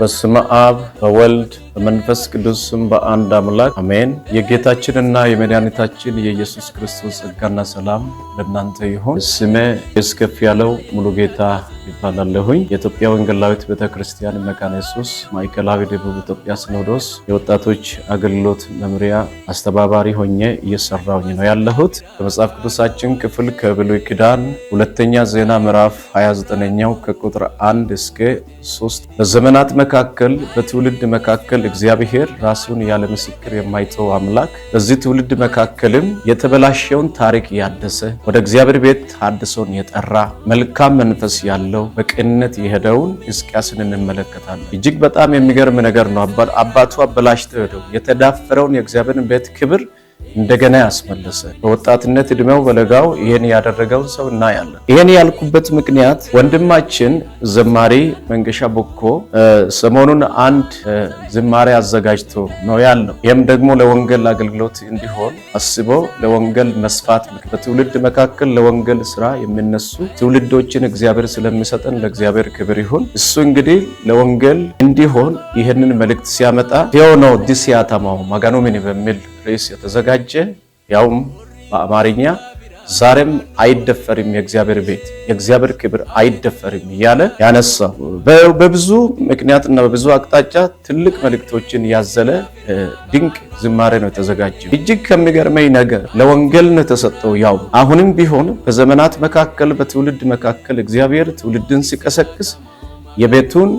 በስመ አብ በወልድ በመንፈስ ቅዱስም በአንድ አምላክ አሜን። የጌታችንና የመድኃኒታችን የኢየሱስ ክርስቶስ ጸጋና ሰላም ለእናንተ ይሁን። ስሜ የስከፍ ያለው ሙሉ ጌታ እባላለሁኝ የኢትዮጵያ ወንጌላዊት ቤተክርስቲያን መካነ ኢየሱስ ማዕከላዊ ደቡብ ኢትዮጵያ ሲኖዶስ የወጣቶች አገልግሎት መምሪያ አስተባባሪ ሆኜ እየሰራሁኝ ነው ያለሁት። በመጽሐፍ ቅዱሳችን ክፍል ከብሉይ ኪዳን ሁለተኛ ዜና ምዕራፍ 29ኛው ከቁጥር 1 እስከ 3 በዘመናት መካከል በትውልድ መካከል እግዚአብሔር ራሱን ያለ ምስክር የማይተው አምላክ በዚህ ትውልድ መካከልም የተበላሸውን ታሪክ ያደሰ ወደ እግዚአብሔር ቤት ታድሶን የጠራ መልካም መንፈስ ያለው በቅንነት የሄደውን ሕዝቅያስን እንመለከታለን። እጅግ በጣም የሚገርም ነገር ነው። አባቱ አበላሽተው ሄደው የተዳፈረውን የእግዚአብሔርን ቤት ክብር እንደገና ያስመለሰ በወጣትነት እድሜው በለጋው ይሄን ያደረገውን ሰው እናያለን። ይሄን ያልኩበት ምክንያት ወንድማችን ዘማሪ መንገሻ ቦኮ ሰሞኑን አንድ ዝማሬ አዘጋጅቶ ነው ያለው። ይህም ደግሞ ለወንጌል አገልግሎት እንዲሆን አስቦ ለወንጌል መስፋት በትውልድ መካከል ለወንጌል ስራ የሚነሱ ትውልዶችን እግዚአብሔር ስለሚሰጠን ለእግዚአብሔር ክብር ይሁን። እሱ እንግዲህ ለወንጌል እንዲሆን ይህንን መልእክት ሲያመጣ ቴዎኖ ዲሲያታማው ማጋኖሚኒ በሚል ርዕስ የተዘጋጀ ያውም በአማርኛ ዛሬም አይደፈርም የእግዚአብሔር ቤት የእግዚአብሔር ክብር አይደፈርም እያለ ያነሳው በብዙ ምክንያትና በብዙ አቅጣጫ ትልቅ መልእክቶችን ያዘለ ድንቅ ዝማሬ ነው የተዘጋጀው። እጅግ ከሚገርመኝ ነገር ለወንጌል ነው የተሰጠው። ያው አሁንም ቢሆን በዘመናት መካከል በትውልድ መካከል እግዚአብሔር ትውልድን ሲቀሰቅስ የቤቱን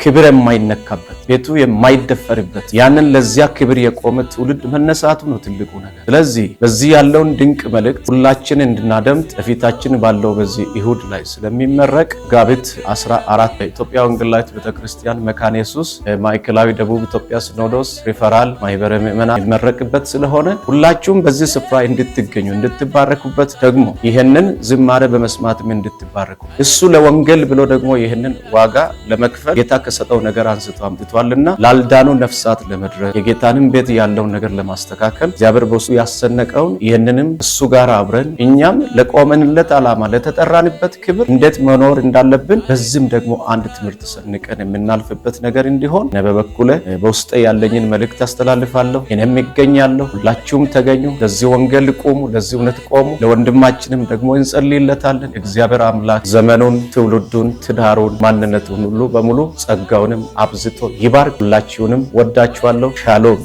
ክብር የማይነካበት ቤቱ የማይደፈርበት ያንን ለዚያ ክብር የቆመ ትውልድ መነሳቱ ነው ትልቁ ነገር። ስለዚህ በዚህ ያለውን ድንቅ መልእክት ሁላችን እንድናደምጥ በፊታችን ባለው በዚህ እሁድ ላይ ስለሚመረቅ መጋቢት 14 በኢትዮጵያ ወንጌላዊት ቤተክርስቲያን መካነ ኢየሱስ ማዕከላዊ ደቡብ ኢትዮጵያ ሲኖዶስ ሪፈራል ማህበረ ምእመና የሚመረቅበት ስለሆነ ሁላችሁም በዚህ ስፍራ እንድትገኙ እንድትባረኩበት፣ ደግሞ ይህንን ዝማሬ በመስማትም እንድትባረኩ እሱ ለወንጌል ብሎ ደግሞ ይህንን ዋጋ ለመክፈል ጌታ ከሰጠው ነገር አንስቶ አምጥቷልና ላልዳኑ ነፍሳት ለመድረስ የጌታንም ቤት ያለውን ነገር ለማስተካከል እግዚአብሔር በሱ ያሰነቀውን ይህንንም እሱ ጋር አብረን እኛም ለቆመንለት ዓላማ ለተጠራንበት ክብር እንዴት መኖር እንዳለብን በዚህም ደግሞ አንድ ትምህርት ሰንቀን የምናልፍበት ነገር እንዲሆን በበኩለ በውስጥ ያለኝን መልእክት ያስተላልፋለሁ። እኔም ይገኛለሁ። ሁላችሁም ተገኙ፣ ለዚህ ወንጌል ቁሙ፣ ለዚህ እውነት ቆሙ። ለወንድማችንም ደግሞ እንጸልይለታለን። እግዚአብሔር አምላክ ዘመኑን፣ ትውልዱን፣ ትዳሩን፣ ማንነቱ ሁሉ በሙሉ ጸጋውንም አብዝቶ ይባርክ። ሁላችሁንም ወዳችኋለሁ። ሻሎም